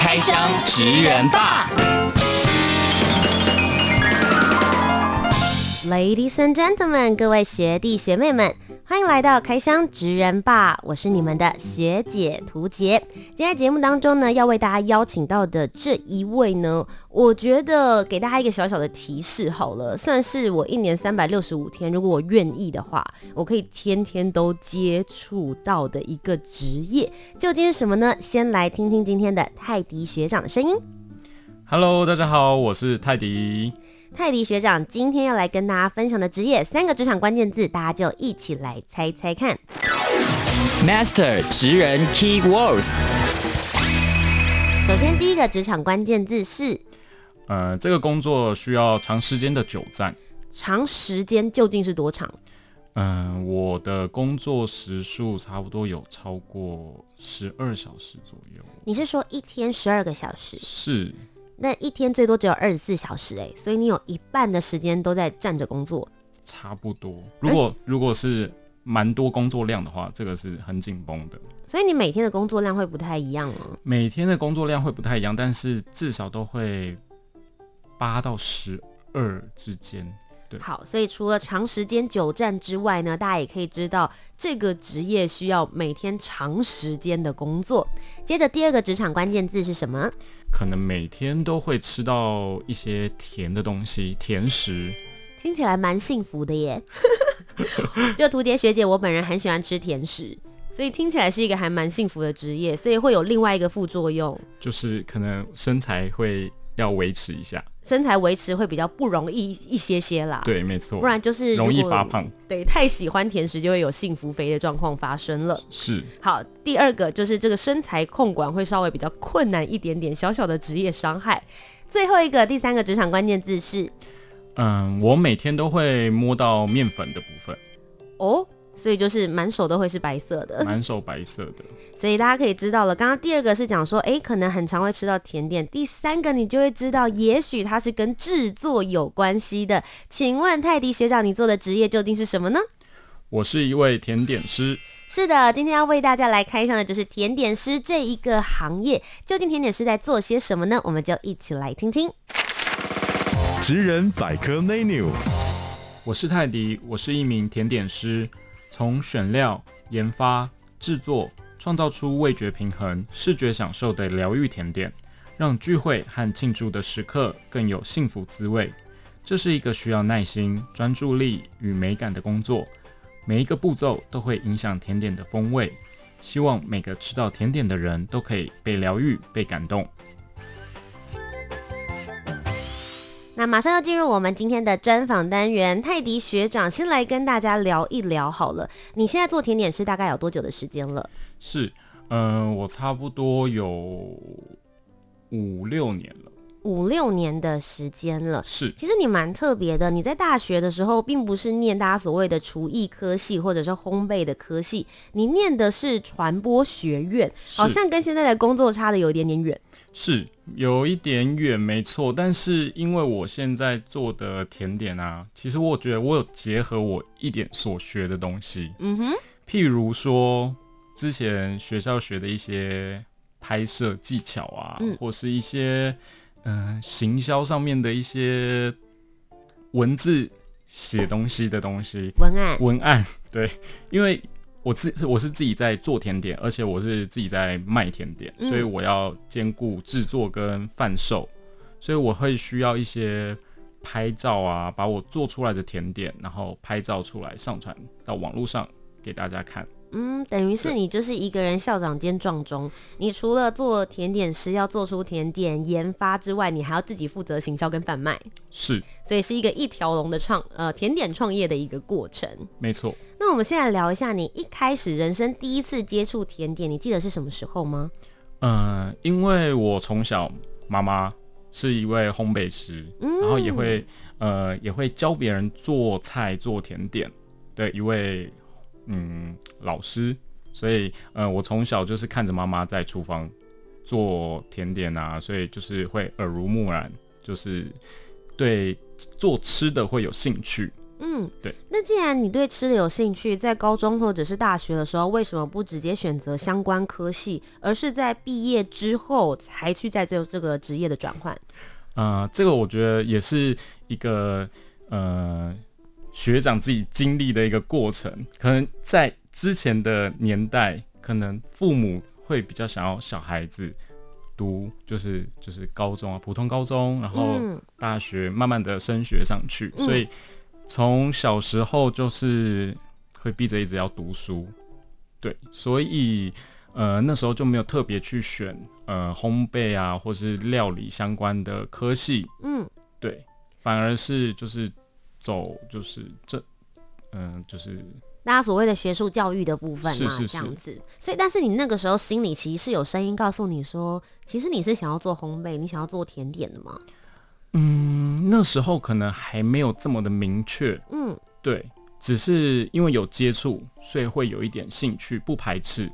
開箱職人 BAR。Ladies and gentlemen，各位學弟學妹們，歡迎來到開箱職人吧！我是你們的學姐屠潔。今天節目當中呢，要為大家邀請到的這一位呢，我覺得給大家一個小小的提示好了，算是我一年三百六十五天，如果我願意的話，我可以天天都接觸到的一個職業，究竟是什麼呢？先來聽聽今天的泰迪學長的聲音。Hello，大家好，我是泰迪。泰迪學長今天要來跟大家分享的職業三個職場關鍵字，大家就一起來猜猜看。Master 職人 Keywords。首先，第一個職場關鍵字是，呃，這個工作需要長時間的久站。長時間究竟是多長？嗯、呃，我的工作時數差不多有超過十二小時左右。你是說一天十二個小時？是。那一天最多只有二十四小時誒，所以你有一半的時間都在站着工作，差不多。如果是如果是蠻多工作量的話，這個是很緊繃的。所以你每天的工作量會不太一樣了。每天的工作量會不太一樣，但是至少都會八到十二之間。對好，所以除了長時間久站之外呢，大家也可以知道這個職業需要每天長時間的工作。接着第二個職場關鍵字是什麼？可能每天都會吃到一些甜的東西，甜食。聽起來蠻幸福的耶。 就屠潔學姐，我本人很喜歡吃甜食，所以聽起來是一個還蠻幸福的職業。所以會有另外一個副作用，就是可能身材會要維持一下。身材維持會比較不容易一些些啦，對，沒錯，不然就是容易發胖，對，太喜歡甜食就會有幸福肥的狀況發生了。是，好，第二個就是這個身材控管會稍微比較困難一點點，小小的職業傷害。最後一個，第三個職場關鍵字是，嗯，我每天都會摸到麵粉的部分，哦，所以就是滿手都會是白色的，滿手白色的。所以大家可以知道了，剛剛第二個是講說，誒，可能很常會吃到甜點。第三個你就會知道，也許它是跟製作有關係的。請問泰迪學長，你做的職業究竟是什麼呢？我是一位甜點師。是的，今天要為大家來開箱的就是甜點師這一個行業，究竟甜點師在做些什麼呢？我們就一起來聽聽。職人百科 menu，我是泰迪，我是一名甜點師，從選料、研發、製作。創造出味覺平衡、視覺享受的療癒甜點，讓聚會和慶祝的時刻更有幸福滋味。這是一個需要耐心、專注力與美感的工作，每一個步驟都會影響甜點的風味。希望每個吃到甜點的人都可以被療癒、被感動。那馬上要進入我們今天的專訪單元，泰迪學長先來跟大家聊一聊好了。你現在做甜點師大概有多久的時間了？是，嗯、呃，我差不多有五六年。五六年的時間了，是。其實你蠻特別的，你在大學的時候並不是念大家所謂的廚藝科系或者是烘焙的科系，你念的是傳播學院，是好像跟現在的工作差得有一點點遠。是有一點遠，沒錯。但是因為我現在做的甜點啊，其實我覺得我有結合我一點所學的東西。嗯哼。譬如說之前學校學的一些拍攝技巧啊，嗯、或是一些。嗯、呃，行銷上面的一些文字寫東西的東西，文案。文案，對，因為我自我是自己在做甜點，而且我是自己在賣甜點，所以我要兼顧制作跟販售，所以我會需要一些拍照啊，把我做出來的甜點，然後拍照出來上傳到網絡上給大家看。嗯，等於是你就是一個人校長兼撞鐘，是你除了做甜點師要做出甜點研發之外，你還要自己負責行銷跟販賣。是，所以是一個一條龍的創呃甜點創業的一個過程。沒錯錯。那我們現在聊一下你一開始人生第一次接觸甜點，你記得是什麼時候嗎？嗯、呃，因為我從小媽媽是一位烘焙師，嗯、然後也會呃也會教別人做菜做甜點，對一位。嗯，老師，所以呃，我從小就是看着媽媽在廚房做甜點啊，所以就是會耳濡目染，就是對做吃的會有興趣。嗯，對。那既然你對吃的有興趣，在高中或者是大學的時候，為什麼不直接選擇相關科系，而是在畢業之後才去再做這個職業的轉換？呃，這個我覺得也是一個呃。學長自己經歷的一個過程，可能在之前的年代，可能父母會比較想要小孩子讀就是，就是高中啊，普通高中，然後大學慢慢的升學上去，嗯，所以從小時候就是會逼着一直要讀書，對，所以呃那時候就沒有特別去選呃烘焙啊或是料理相關的科系，嗯，對，反而是就是。走就是這，嗯，就是大家所謂的學術教育的部分嘛，啊，是是是這樣子。所以，但是你那個時候心裡其實是有聲音告訴你說，其實你是想要做烘焙，你想要做甜點的嗎？嗯，那時候可能還沒有這麼的明確。嗯，對，只是因為有接觸，所以會有一點興趣，不排斥。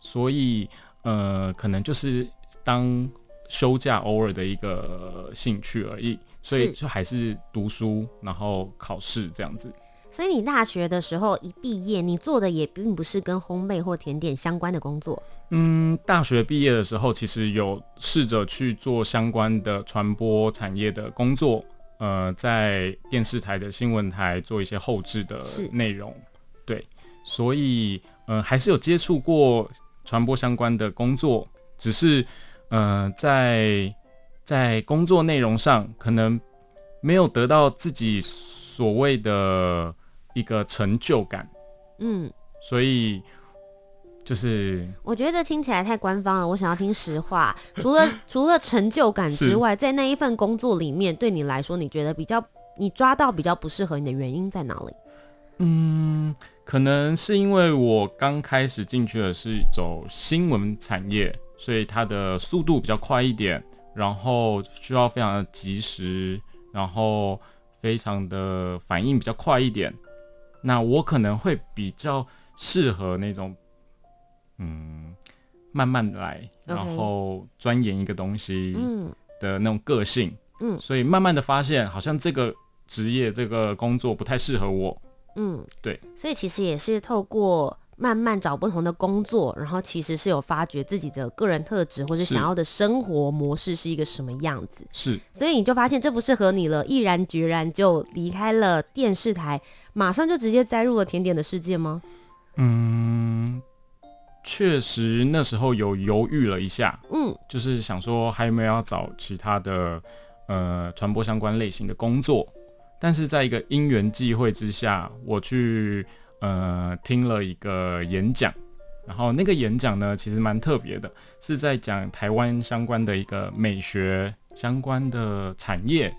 所以，呃，可能就是當休假偶爾的一個興趣而已。所以就還是讀書，然後考試這樣子。所以你大學的時候一畢業，你做的也並不是跟烘焙或甜點相關的工作。嗯，大學畢業的時候，其實有試着去做相關的傳播產業的工作，呃，在電視台的新聞台做一些後製的內容。是對。所以，嗯、呃，還是有接觸過傳播相關的工作，只是，呃，在。在工作內容上，可能沒有得到自己所謂的一個成就感，嗯，所以就是我覺得這聽起來太官方了，我想要聽實話。除了 除了成就感之外，是在那一份工作裡面，對你來說，你覺得比較你抓到比較不適合你的原因在哪裡？嗯，可能是因為我剛開始進去的是一種新聞產業，所以它的速度比較快一點。然後需要非常的及時，然後非常的反應比較快一點。那我可能會比較適合那種，嗯，慢慢來，然後鑽研一個東西的那種個性。Okay. 嗯，嗯，所以慢慢的發現，好像這個職業、這個工作不太適合我。嗯，對，所以其實也是透過。慢慢找不同的工作，然後其實是有發掘自己的個人特質或者想要的生活模式是一個什麼樣子。是，所以你就發現這不適合你了，毅然決然就離開了電視台，馬上就直接栽入了甜點的世界嗎？嗯，確實那時候有猶豫了一下，嗯，就是想說還有沒有要找其他的呃傳播相關類型的工作，但是在一個因緣際會之下，我去。呃，聽了一個演講，然後那個演講呢，其實蠻特別的，是在講台灣相關的一個美學相關的產業，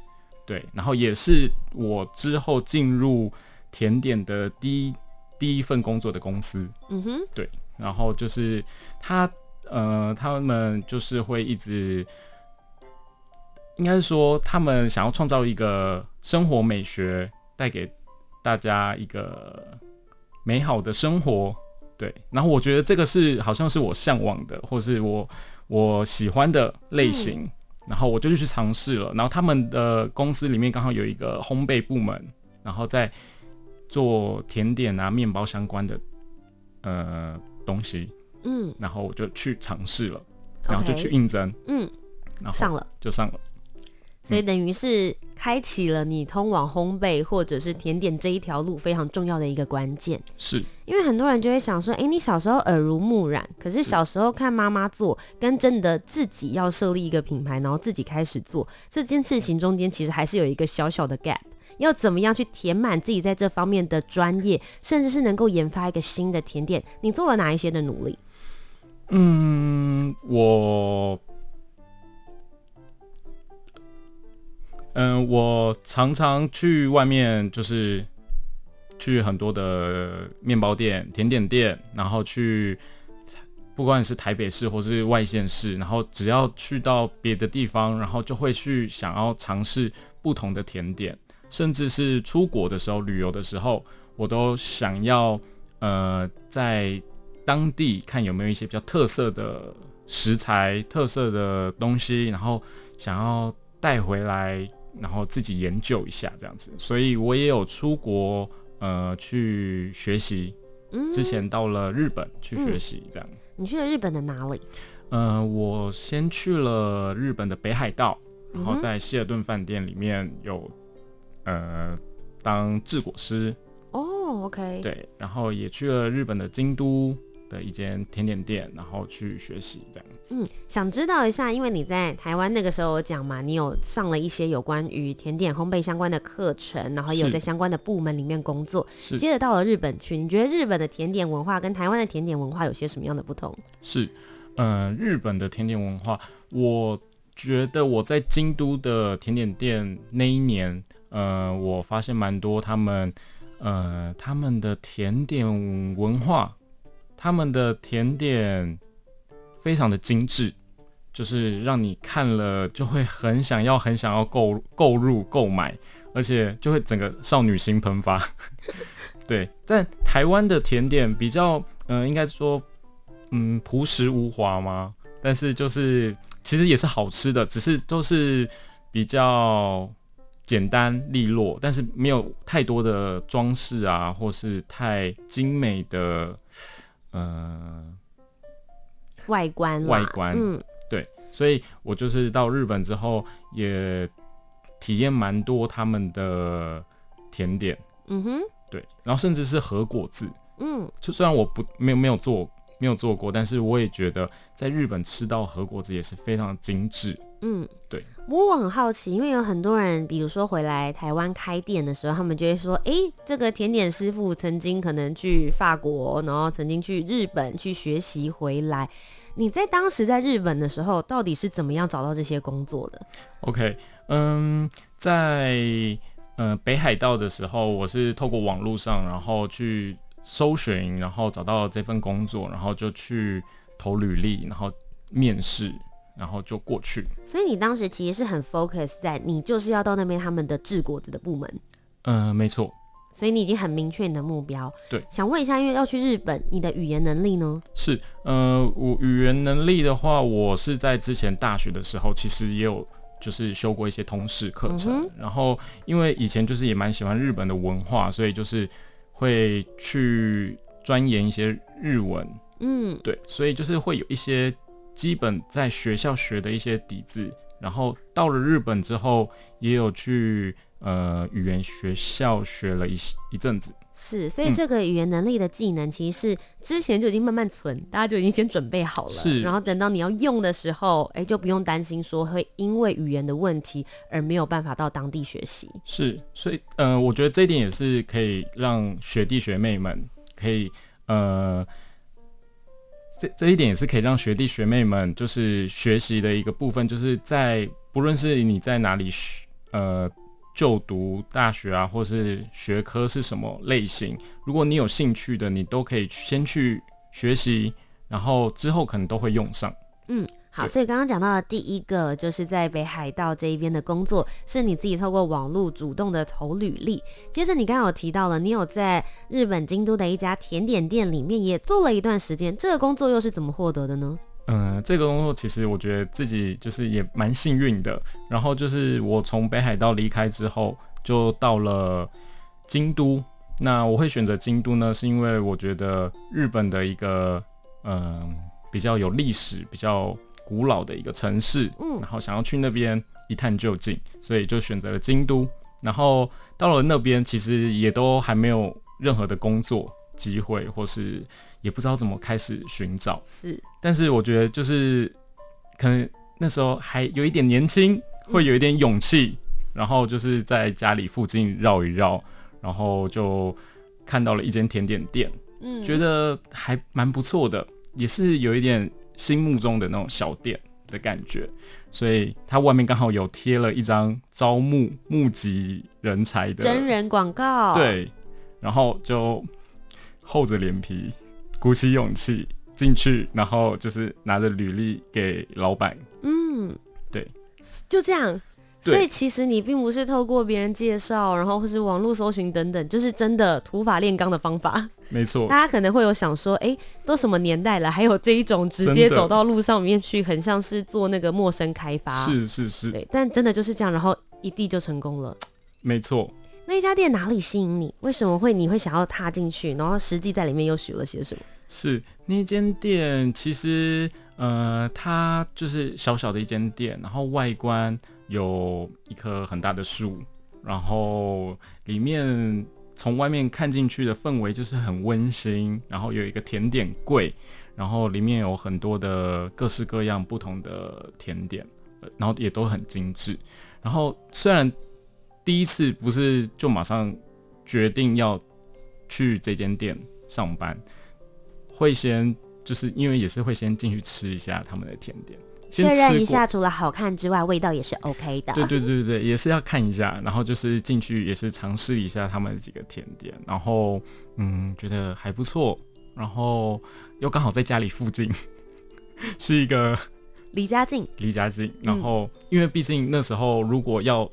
對，然後也是我之後進入甜點的第一第一份工作的公司，嗯哼，對，然後就是他呃，他們就是會一直，應該是說他們想要創造一個生活美學，帶給大家一個。美好的生活，對。然後我覺得這個是好像是我嚮往的，或是我我喜歡的類型。嗯、然後我就去嘗試了。然後他們的公司裡面剛好有一個烘焙部門，然後在做甜點啊、麵包相關的呃東西。嗯。然後我就去嘗試了，然後就去應徵。嗯。然後上了，就上了。上了。所以等於是開啟了你通往烘焙或者是甜點這一條路非常重要的一個關鍵，是因為很多人就會想說，哎、欸，你小時候耳濡目染，可是小時候看媽媽做，跟真的自己要設立一個品牌，然後自己開始做這件事情中間，其實還是有一個小小的 gap，要怎麼樣去填滿自己在這方面的專業，甚至是能夠研发一個新的甜點，你做了哪一些的努力？嗯，我。嗯，我常常去外面，就是去很多的麵包店、甜點店，然後去，不管是台北市或是外縣市，然後只要去到別的地方，然後就會去想要嘗試不同的甜點，甚至是出國的時候、旅遊的時候，我都想要呃，在當地看有沒有一些比較特色的食材、特色的東西，然後想要帶回來。然後自己研究一下這樣子，所以我也有出國，呃，去學習。嗯、之前到了日本去學習這樣、嗯。你去了日本的哪裡？呃，我先去了日本的北海道，然後在希爾頓飯店裡面有，嗯、哼呃，當製菓師。哦，OK。對，然後也去了日本的京都。的一間甜點店，然後去學習這樣子。嗯，想知道一下，因為你在台灣那個時候有講嘛，你有上了一些有關於甜點烘焙相關的課程，然後也有在相關的部門裡面工作。是。接着到了日本去，你覺得日本的甜點文化跟台灣的甜點文化有些什麼樣的不同？是，嗯，呃，日本的甜點文化，我覺得我在京都的甜點店那一年，呃，我發現蠻多他們，呃，他們的甜點文化。他們的甜點非常的精緻，就是讓你看了就會很想要、很想要購購入購買，而且就會整個少女心噴發。 對，在台灣的甜點比較，嗯、呃，應該說，嗯，樸實無華嗎？但是就是其實也是好吃的，只是都是比較簡單利落，但是沒有太多的裝飾啊，或是太精美的。嗯，呃、外觀、外觀，外觀、嗯，對，所以我就是到日本之後也體驗蠻多他們的甜點，嗯哼，對，然後甚至是和果子，嗯，就雖然我不沒有沒有做沒有做過，但是我也覺得在日本吃到和果子也是非常精緻，嗯，對。不過我很好奇，因為有很多人，比如說回來台灣開店的時候，他們就會說：“誒，這個甜點師傅曾經可能去法國，然後曾經去日本去學習回來。”你在當時在日本的時候，到底是怎麼樣找到這些工作的？OK，嗯，在呃北海道的時候，我是透過網絡上，然後去搜尋，然後找到這份工作，然後就去投履歷，然後面試。然後就過去，所以你當時其實是很 focus 在你，就是要到那邊他們的和菓子的部門，嗯、呃，沒錯。所以你已經很明確你的目標。對，想問一下，因為要去日本，你的語言能力呢？是，呃，我語言能力的話，我是在之前大學的時候，其實也有就是修過一些通識課程，嗯、哼然後因為以前就是也蠻喜歡日本的文化，所以就是會去鑽研一些日文，嗯，對，所以就是會有一些。基本在學校學的一些底子，然後到了日本之後，也有去呃語言學校學了一一陣子。是，所以這個語言能力的技能，其實是之前就已經慢慢存，大家就已經先準備好了。是，然後等到你要用的時候，誒、欸，就不用擔心說會因為語言的問題而沒有辦法到當地學習。是，所以，呃，我覺得這一點也是可以讓學弟學妹們可以，呃。這這一點也是可以讓學弟學妹們就是學習的一個部分，就是在不論是你在哪裡學，呃，就讀大學啊，或是學科是什麼類型，如果你有興趣的，你都可以先去學習，然後之後可能都會用上。嗯。好，所以剛剛講到的第一個，就是在北海道這一邊的工作，是你自己透過網絡主動的投履歷。接着你剛剛有提到了，你有在日本京都的一家甜點店裡面也做了一段時間，這個工作又是怎麼獲得的呢？嗯、呃，這個工作其實我覺得自己就是也蠻幸運的。然後就是我從北海道離開之後，就到了京都。那我會選擇京都呢，是因為我覺得日本的一個嗯、呃，比較有歷史，比較。古老的一個城市，嗯，然後想要去那邊一探究竟，所以就選擇了京都。然後到了那邊，其實也都還沒有任何的工作機會，或是也不知道怎麼開始尋找是，但是我覺得就是可能那時候還有一點年輕，嗯、會有一點勇氣，然後就是在家裡附近繞一繞，然後就看到了一間甜點店，嗯，覺得還蠻不錯的，也是有一點。心目中的那種小店的感覺，所以他外面剛好有貼了一張招募募集人才的徵人廣告，對，然後就厚着臉皮，鼓起勇氣進去，然後就是拿着履歷給老闆，嗯，對，就這樣。對所以其實你並不是透過別人介紹，然後或是網絡搜尋等等，就是真的土法煉鋼的方法。沒錯錯，大家可能會有想說，誒、欸，都什麼年代了，還有這一種直接走到路上面去，的很像是做那個陌生開發。是是是，但真的就是這樣，然後一地就成功了。沒錯錯，那一家店哪裡吸引你？為什麼會你會想要踏進去？然後實際在裡面又學了些什麼？是那間店，其實呃，它就是小小的一間店，然後外觀。有一棵很大的樹，然後裡面從外面看進去的氛圍就是很溫馨，然後有一個甜點櫃，然後裡面有很多的各式各樣不同的甜點，然後也都很精緻。然後雖然第一次不是就馬上決定要去這間店上班，會先就是因為也是會先進去吃一下他們的甜點。確認一下，除了好看之外，味道也是 OK 的。對對對對，也是要看一下，然後就是進去也是嘗試一下他們幾個甜點，然後嗯，覺得還不錯，然後又剛好在家裡附近，是一個離家近，離家近。然後因為畢竟那時候如果要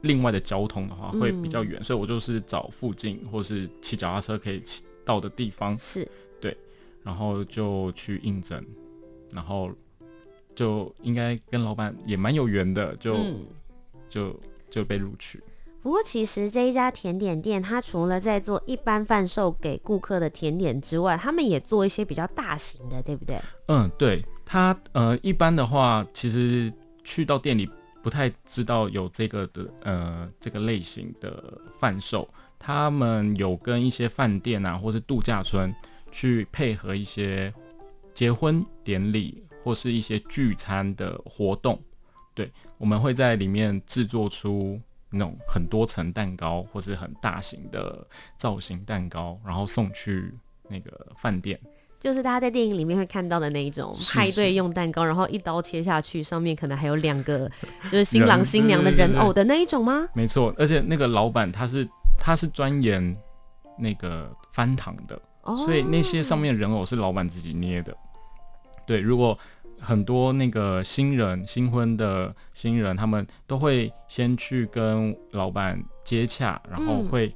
另外的交通的話會比較遠，所以我就是找附近或是騎腳踏車可以騎到的地方，是對，然後就去應徵，然後。就應該跟老闆也蠻有緣的，就、嗯、就就被錄取。不過其實這一家甜點店，它除了在做一般販售給顧客的甜點之外，他們也做一些比較大型的，對不對？嗯，對他呃，一般的話，其實去到店裡不太知道有這個的呃這個類型的販售，他們有跟一些飯店啊或是度假村去配合一些結婚典禮。或是一些聚餐的活動，對，我們會在裡面製作出那種很多層蛋糕，或是很大型的造型蛋糕，然後送去那個飯店，就是大家在電影裡面會看到的那一種派對用蛋糕，是是，然後一刀切下去，上面可能還有兩個就是新郎新娘的人偶的那一種嗎？對對對對對沒錯，而且那個老闆他是他是鑽研那個翻糖的，哦，所以那些上面人偶是老闆自己捏的。對，如果很多那個新人、新婚的新人，他們都會先去跟老闆接洽，然後會，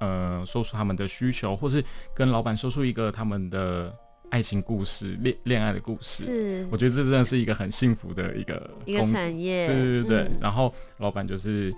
嗯、呃，說出他們的需求，或是跟老闆說出一個他們的愛情故事、戀戀愛的故事。是，我覺得這真的是一個很幸福的一個工個產業。對對對對，嗯、然後老闆就是，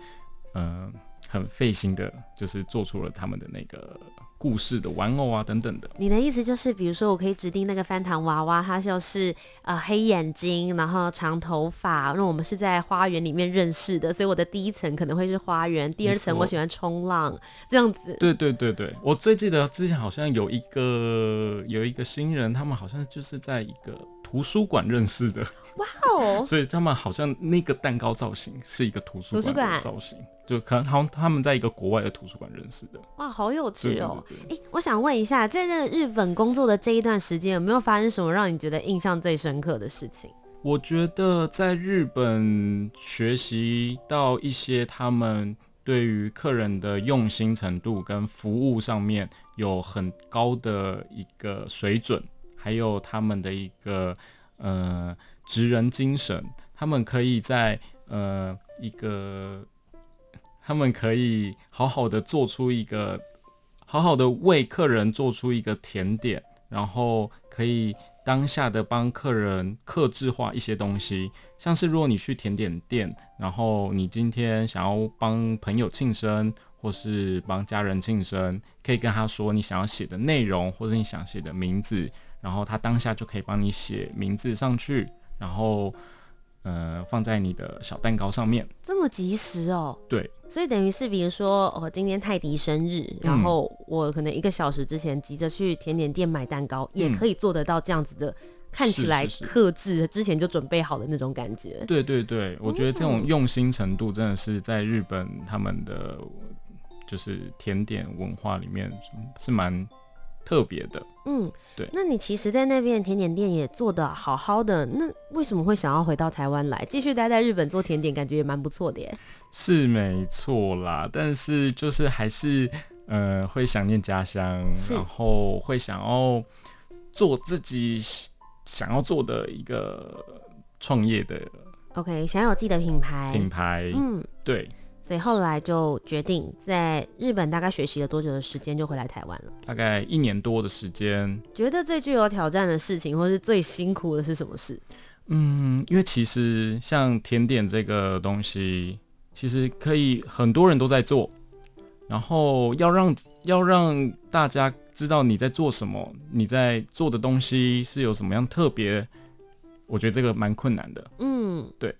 嗯、呃。很費心的，就是做出了他們的那個故事的玩偶啊等等的。你的意思就是，比如說，我可以指定那個翻糖娃娃，它就是呃黑眼睛，然後長頭髮。那我們是在花園裡面認識的，所以我的第一層可能會是花園，第二層我喜歡衝浪，你說，這樣子。對對對對，我最記得之前好像有一個有一個新人，他們好像就是在一個。圖書館認識的，哇哦 Wow！所以他們好像那個蛋糕造型是一個圖書館的造型，就可能他們他們在一個國外的圖書館認識的，哇，好有趣哦！哎、欸，我想問一下，在日本工作的這一段時間，有沒有發生什麼讓你覺得印象最深刻的事情？我覺得在日本學習到一些他們對於客人的用心程度跟服務上面有很高的一個水準。還有他們的一個呃職人精神，他們可以在呃一個，他們可以好好的做出一個好好的為客人做出一個甜點，然後可以當下的幫客人客製化一些東西，像是如果你去甜點店，然後你今天想要幫朋友慶生或是幫家人慶生，可以跟他說你想要寫的內容或者你想寫的名字。然後他當下就可以幫你寫名字上去，然後呃放在你的小蛋糕上面。這麼及時哦？對。所以等於是，比如說我、哦、今天泰迪生日，然後我可能一個小時之前急着去甜點店買蛋糕，嗯、也可以做得到這樣子的，嗯、看起來客製之前就準備好的那種感覺是是是。對對對，我覺得這種用心程度真的是在日本他們的就是甜點文化裡面是蠻。特別的，嗯，對。那你其實，在那邊甜點店也做得好好的，那為什麼會想要回到台灣來？繼續待在日本做甜點，感覺也蠻不錯的耶。是沒錯啦，但是就是還是，呃，會想念家鄉，是然後會想要做自己想要做的一個創業的。OK，想要有自己的品牌。品牌，嗯，對。所以後來就決定在日本大概學習了多久的時間就回來台灣了？大概一年多的時間。覺得最具有挑戰的事情，或是最辛苦的是什麼事？嗯，因為其實像甜點這個東西，其實可以很多人都在做，然後要讓要讓大家知道你在做什麼，你在做的東西是有什麼樣特別,我覺得這個蠻困難的。嗯，對。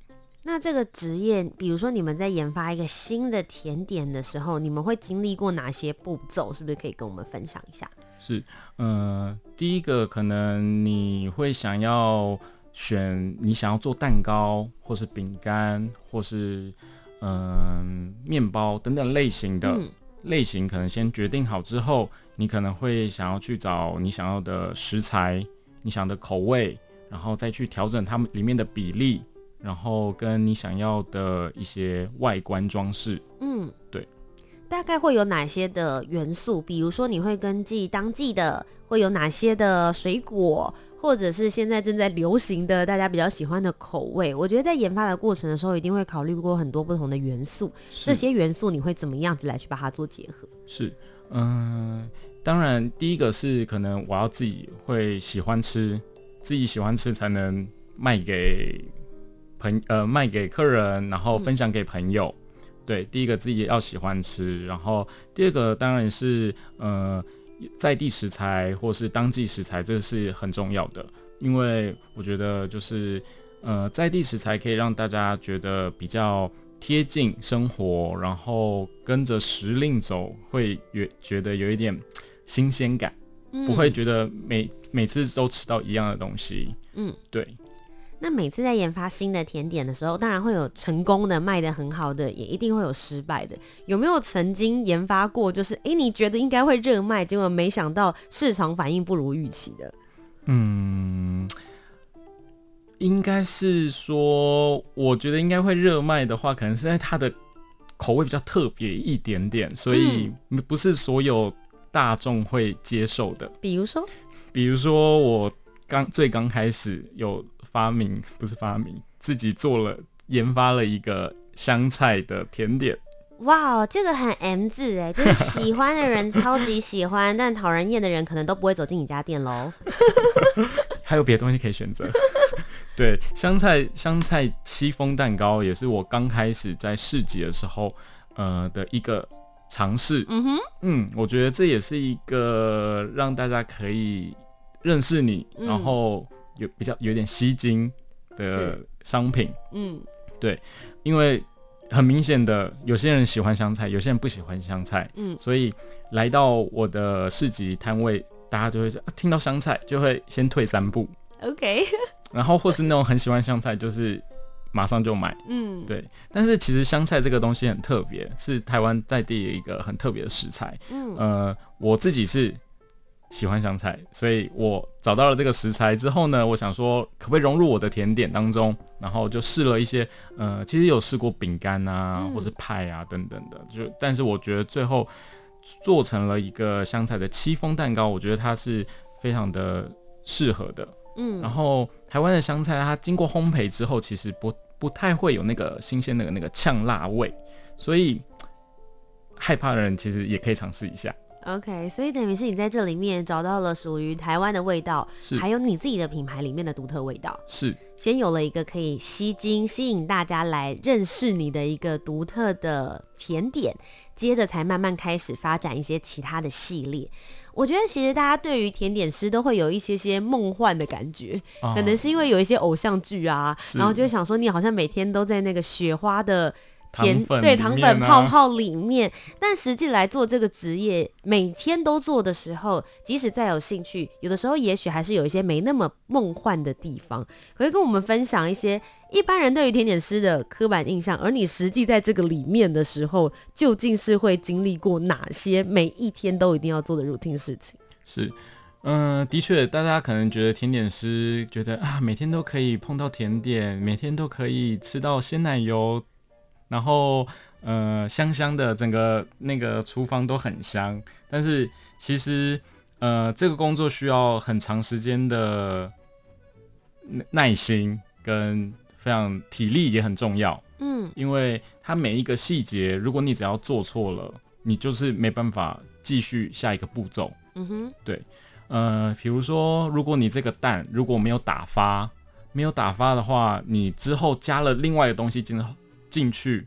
那這個職業，比如說你們在研發一個新的甜點的時候你們會經歷過哪些步驟？是不是可以跟我們分享一下？是，嗯、呃，第一個可能你會想要選你想要做蛋糕，或是餅乾，或是嗯、呃、麵包等等類型的、嗯、類型，可能先決定好之後，你可能會想要去找你想要的食材，你想要的口味，然後再去調整它們裡面的比例。然後跟你想要的一些外觀裝飾，嗯，對，大概會有哪些的元素？比如說你會根據當季的會有哪些的水果，或者是現在正在流行的大家比較喜歡的口味？我覺得在研發的過程的時候，一定會考慮過很多不同的元素。是這些元素你會怎麼樣子來去把它做結合？是，嗯、呃，當然第一個是可能我要自己會喜歡吃，自己喜歡吃才能賣給。朋呃賣給客人，然後分享給朋友。嗯、對，第一個自己要喜歡吃，然後第二個當然是呃在地食材或是當季食材，這是很重要的。因為我覺得就是呃在地食材可以讓大家覺得比較貼近生活，然後跟着時令走會，會覺得有一點新鮮感，不會覺得每每次都吃到一樣的東西。嗯，對。那每次在研發新的甜點的時候，當然會有成功的、賣得很好的，也一定會有失敗的。有沒有曾經研發過，就是誒、欸，你覺得應該會熱賣，結果沒想到市場反應不如預期的？嗯，應該是說，我覺得應該會熱賣的話，可能是因為它的口味比較特別一點點，所以不是所有大眾會接受的。嗯、比如說，比如說我剛最剛開始有。發明不是發明，自己做了研發了一個香菜的甜點。哇，wow, 這個很 M 字哎，就是喜歡的人超級喜歡， 但討人厭的人可能都不會走進你家店嘍。 還有別的東西可以選擇。 對，香菜香菜戚風蛋糕也是我剛開始在市集的時候呃的一個嘗試。嗯哼、mm，hmm. 嗯，我覺得這也是一個讓大家可以認識你，mm hmm. 然後。有比較有點吸睛的商品，嗯，對，因為很明顯的，有些人喜歡香菜，有些人不喜歡香菜，嗯，所以來到我的市集攤位，大家就會說、啊、聽到香菜就會先退三步，OK，然後或是那種很喜歡香菜，就是馬上就買，嗯，對，但是其實香菜這個東西很特別，是台灣在地的一個很特別的食材，嗯，呃，我自己是。喜歡香菜，所以我找到了這個食材之後呢，我想說可不可以融入我的甜點當中，然後就試了一些，呃，其實有試過餅乾啊，嗯、或是派啊等等的，就但是我覺得最後做成了一個香菜的戚風蛋糕，我覺得它是非常的適合的，嗯，然後台灣的香菜它經過烘焙之後，其實不不太會有那個新鮮的那個、那個、嗆辣味，所以害怕的人其實也可以嘗試一下。OK，所以等於是你在這裡面找到了屬於台灣的味道，是還有你自己的品牌裡面的獨特味道，是先有了一個可以吸睛、吸引大家來認識你的一個獨特的甜點，接着才慢慢開始發展一些其他的系列。我覺得其實大家對於甜點師都會有一些些夢幻的感覺，啊、可能是因為有一些偶像劇啊，是然後就想說你好像每天都在那個雪花的。甜糖、啊、對，糖粉泡泡裡面，但實際來做這個職業，每天都做的時候，即使再有興趣，有的時候也許還是有一些沒那麼夢幻的地方。可以跟我們分享一些一般人對於甜點師的刻板印象，而你實際在這個裡面的時候，究竟是會經歷過哪些每一天都一定要做的 routine 事情？是，嗯、呃，的確，大家可能覺得甜點師覺得啊，每天都可以碰到甜點，每天都可以吃到鮮奶油。然後，呃，香香的，整個那個廚房都很香。但是其實，呃，這個工作需要很長時間的耐心，跟非常體力也很重要。嗯，因為它每一個細節，如果你只要做錯了，你就是沒辦法繼續下一個步驟。嗯哼，對。呃，比如說，如果你這個蛋如果沒有打發，沒有打發的話，你之後加了另外的東西進來。進去，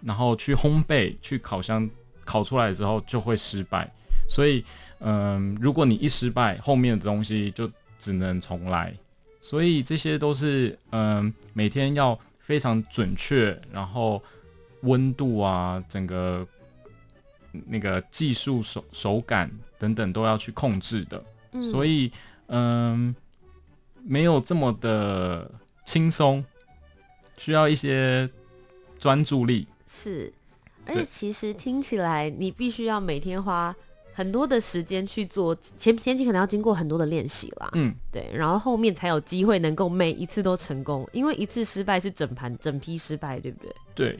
然後去烘焙，去烤箱烤出來之後就會失敗。所以，嗯、呃，如果你一失敗，後面的東西就只能重來。所以這些都是，嗯、呃，每天要非常準確，然後溫度啊，整個那個技術手手感等等都要去控制的。所以，嗯、呃，沒有這麼的輕鬆，需要一些。專注力是，而且其實聽起來，你必須要每天花很多的時間去做，前前期可能要經過很多的練習啦。嗯，對，然後後面才有機會能夠每一次都成功，因為一次失敗是整盤整批失敗，對不對？對，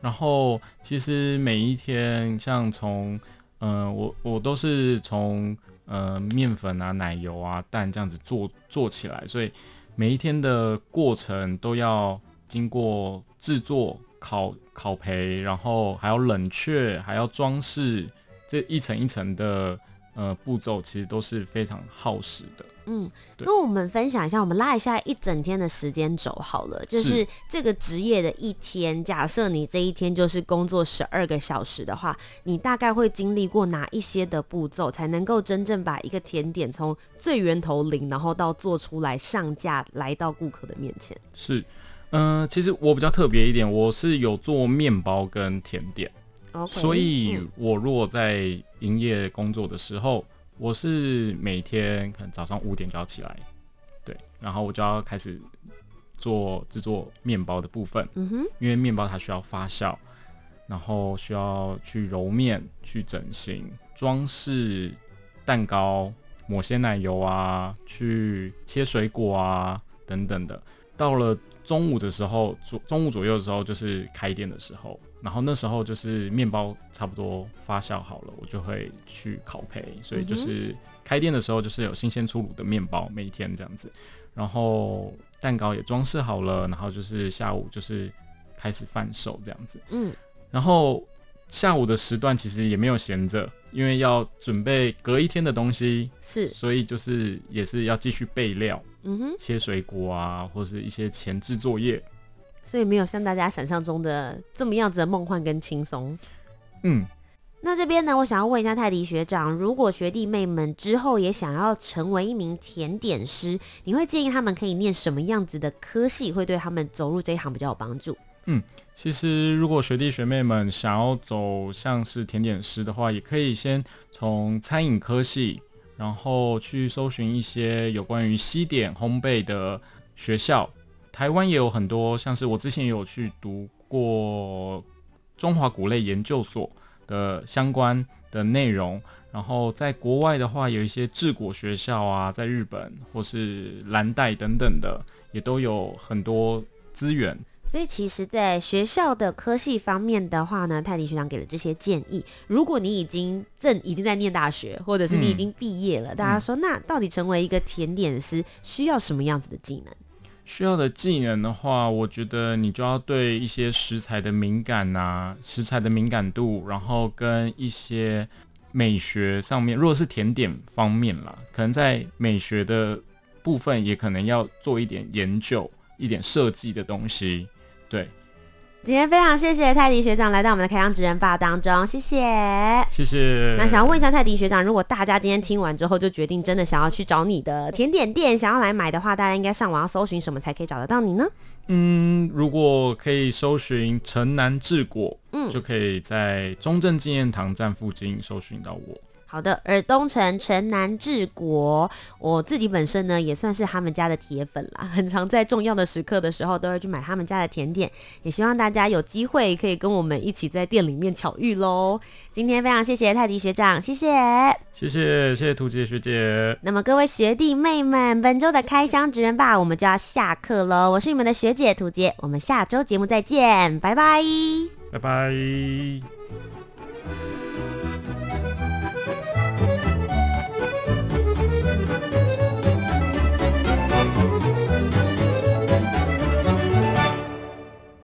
然後其實每一天像，像從嗯，我我都是從呃麵粉啊、奶油啊、蛋這樣子做做起來，所以每一天的過程都要經過製作。烤烤焙，然後還要冷却，還要裝飾，這一層一層的呃步驟，其實都是非常耗時的。嗯，對那我們分享一下，我們拉一下一整天的時間軸好了，就是這個職業的一天。是假設你這一天就是工作十二個小時的話，你大概會經歷過哪一些的步驟，才能夠真正把一個甜點從最源頭零，然後到做出來上架，來到顧客的面前？是。嗯、呃，其實我比較特別一點，我是有做麵包跟甜點，Okay. 所以我如果在營業工作的時候，我是每天可能早上五點就要起來，對，然後我就要開始做制作麵包的部分，mm hmm. 因為麵包它需要發酵，然後需要去揉麵、去整形、裝飾蛋糕、抹些奶油啊、去切水果啊等等的，到了。中午的時候，左中午左右的時候就是開店的時候，然後那時候就是麵包差不多發酵好了，我就會去烤焙，所以就是開店的時候就是有新鮮出爐的麵包每一天這樣子，然後蛋糕也裝飾好了，然後就是下午就是開始販售這樣子，嗯，然後。下午的時段其實也沒有閒着，因為要準備隔一天的東西，是，所以就是也是要繼續備料，嗯哼，切水果啊，或是一些前置作業，所以沒有像大家想象中的這麼樣子的夢幻跟輕鬆。嗯，那這邊呢，我想要問一下泰迪學長，如果學弟妹們之後也想要成為一名甜點師，你會建議他們可以念什麼樣子的科系，會對他們走入這一行比較有幫助？嗯，其實如果學弟學妹們想要走像是甜點師的話，也可以先從餐飲科系，然後去搜尋一些有關於西點烘焙的學校。台灣也有很多，像是我之前也有去讀過中華穀類研究所的相關的內容。然後在國外的話，有一些製菓學校啊，在日本或是藍帶等等的，也都有很多資源。所以其實，在學校的科系方面的話呢，泰迪學長給了這些建議。如果你已經正已經在念大學，或者是你已經畢業了，嗯，大家說，那到底成為一個甜點師需要什麼樣子的技能？需要的技能的話，我覺得你就要對一些食材的敏感啊，食材的敏感度，然後跟一些美學上面，如果是甜點方面啦，可能在美學的部分，也可能要做一點研究，一點設計的東西。對，今天非常謝謝泰迪學長來到我們的開箱職人 BAR 當中，謝謝，謝謝。那想要問一下泰迪學長，如果大家今天聽完之後就決定真的想要去找你的甜點店，想要來買的話，大家應該上網要搜尋什麼才可以找得到你呢？嗯，如果可以搜尋陳男製菓，嗯，就可以在中正紀念堂站附近搜尋到我。好的，耳東陳，陳男製菓，我自己本身呢也算是他們家的鐵粉了，很常在重要的時刻的時候都要去買他們家的甜點，也希望大家有機會可以跟我們一起在店裡面巧遇嘍。今天非常謝謝泰迪學長，謝謝，謝謝謝謝屠潔學姐。那麼各位學弟妹們，本周的開箱職人 BAR，我們就要下課嘍。我是你們的學姐屠潔，我們下周節目再見，拜拜，拜拜。